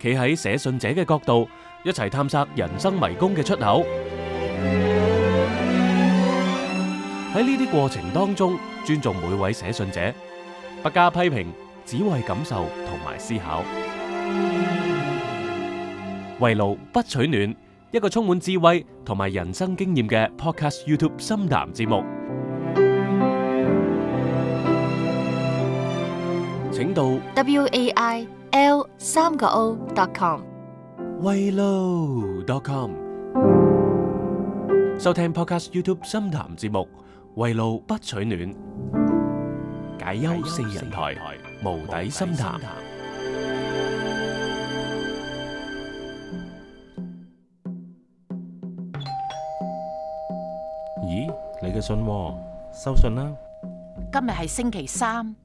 企喺寫信者嘅角度，一齊探索人生迷宮嘅出口。喺呢啲過程當中，尊重每位寫信者，不加批評，只為感受同埋思考。圍爐不取暖，一個充滿智慧同埋人生經驗嘅 Podcast YouTube 深談節目，請到 WAI，l 三個 o dot com，圍爐 dot com，收聽 Podcast YouTube 深談節目，圍爐不取暖，解憂四人台，無底深談。咦，你嘅信，收信啦。今日係星期三。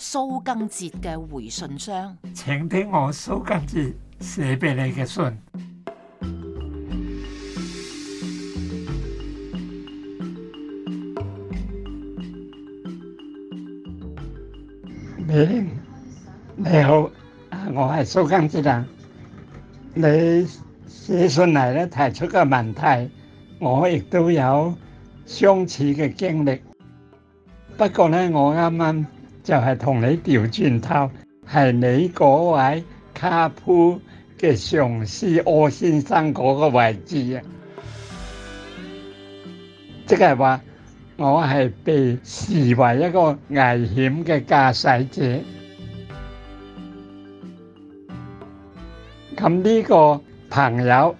蘇賡哲嘅回信箱，請聽我蘇賡哲寫俾你嘅信。你，你好，我係蘇賡哲啊！你寫信嚟咧提出嘅問題，我亦都有相似嘅經歷。不過咧，我啱啱。就係、是、同你調轉頭，係你嗰位 carpool 嘅上司柯先生嗰個位置啊！即係話我係被視為一個危險嘅駕駛者。咁呢個朋友，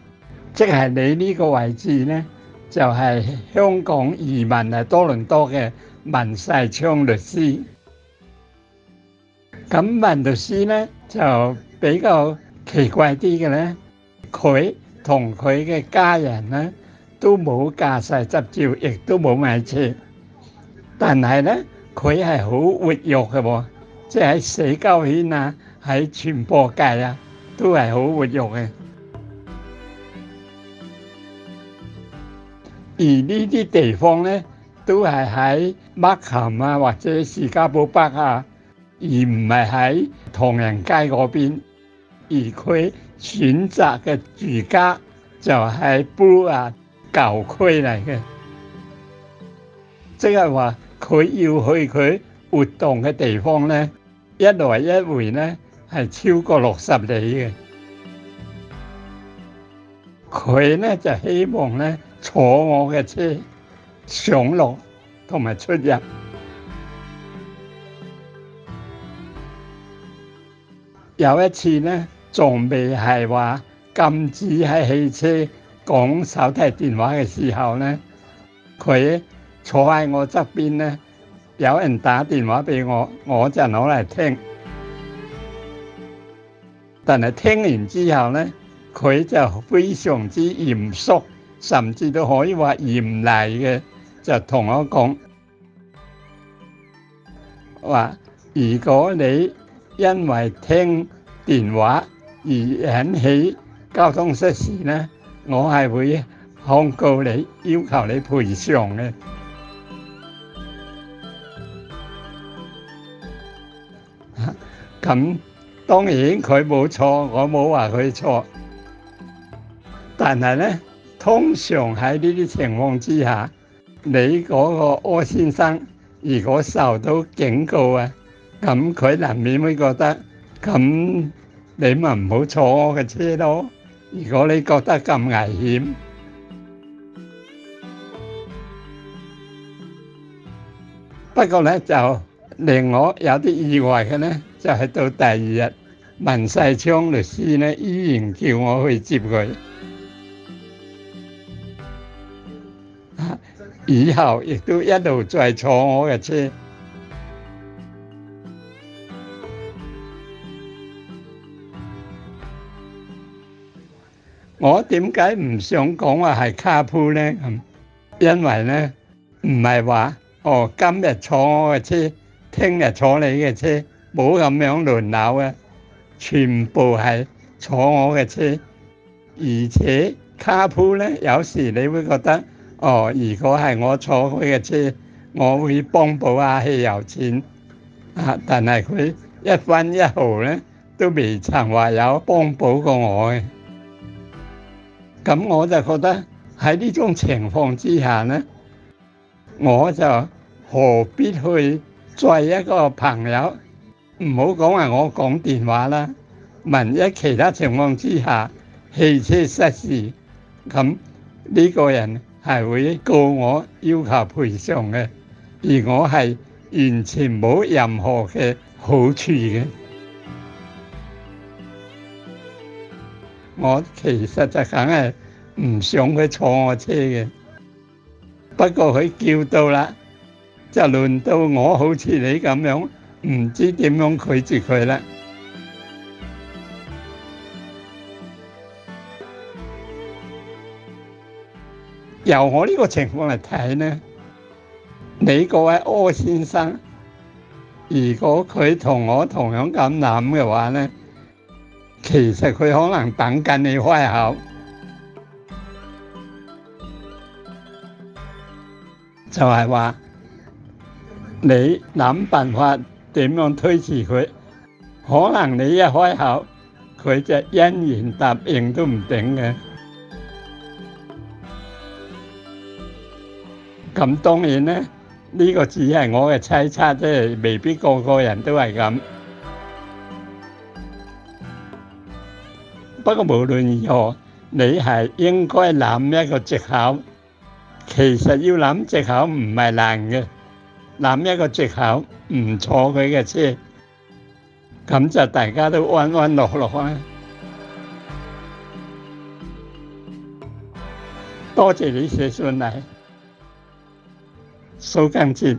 即、就、係、是、你呢個位置呢就係、是、香港移民啊，多倫多嘅文世昌律師。咁文律師咧就比較奇怪啲嘅咧，佢同佢嘅家人咧都冇駕駛執照，亦都冇買車，但係咧佢係好活躍嘅喎，即係喺社交圈啊，喺傳播界啊，都係好活躍嘅。而呢啲地方咧都係喺麥坎啊，或者士嘉堡北啊。而唔係喺唐人街嗰邊，而佢選擇嘅住家就舊區，就喺 Bloor 舊區嚟嘅，即係話佢要去佢活動嘅地方咧，一來一回咧係超過六十里嘅。佢咧就希望咧坐我嘅車上落同埋出入。有一次呢，仲未係話禁止喺汽車講手提電話嘅時候呢，佢坐喺我側邊呢，有人打電話俾我，我就攞嚟聽。但係聽完之後呢，佢就非常之嚴肅，甚至都可以話嚴厲嘅，就同我講話：話如果你因為聽電話而引起交通失事呢，我係會控告你，要求你賠償嘅。吓，咁當然佢冇錯，我冇話佢錯，但係呢，通常喺呢啲情況之下，你嗰個柯先生如果受到警告啊。咁佢難免會覺得，咁你咪唔好坐我嘅車咯。如果你覺得咁危險，不過呢就令我有啲意外嘅呢，就係到第二日，文世昌律師呢依然叫我去接佢，以後亦都一路再坐我嘅車。我點解唔想講話係 carpool 呢？因為呢，唔係話哦，今日坐我嘅車，聽日坐你嘅車，冇咁樣輪流嘅，全部係坐我嘅車。而且 carpool 呢，有時你會覺得哦，如果係我坐佢嘅車，我會幫補下汽油錢。啊，但係佢一分一毫呢，都未曾話有幫補過我嘅。咁我就覺得喺呢種情況之下呢，我就何必去載一個朋友，唔好講話我講電話啦，萬一其他情況之下汽車失事，咁呢個人係會告我要求賠償嘅，而我係完全冇任何嘅好處嘅。我其實就梗係唔想佢坐我車嘅，不過佢叫到啦，就輪到我好似你咁樣，唔知點樣拒絕佢啦。由我呢個情況嚟睇咧，你個位柯先生，如果佢同我同樣咁諗嘅話咧？其實佢可能等緊你開口，就係話你諗辦法點樣推遲佢，可能你一開口，佢就欣然答應都唔頂嘅。咁當然咧，呢個只係我嘅猜測，即係未必個個人都係咁。不過無論如何，你係應該諗一個借口。其實要諗借口唔係難嘅，諗一個借口唔坐佢嘅車，咁就大家都安安樂樂啊！多謝你寫信嚟，蘇賡哲。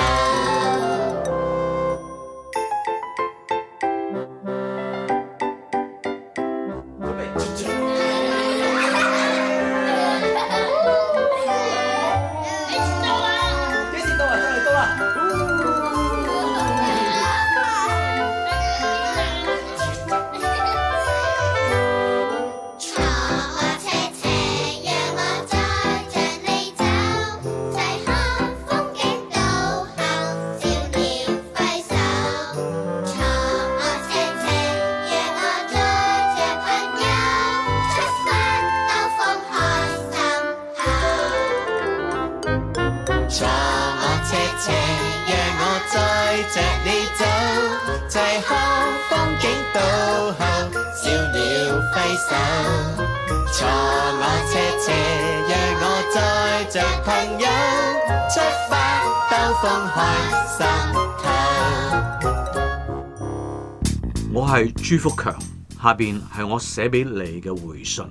坐我載着朋友出發開心。我係朱福強，下邊係我寫俾你嘅回信。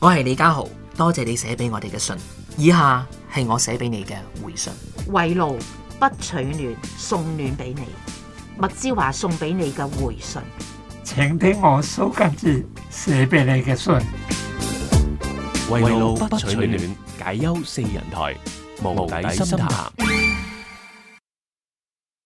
我係李家豪，多謝你寫俾我哋嘅信。以下係我寫俾你嘅回信。圍爐不取暖，送暖俾你。麥之華送俾你嘅回信。請聽我蘇賡哲寫俾你嘅信，圍爐不取暖，解憂四人台，無底深談。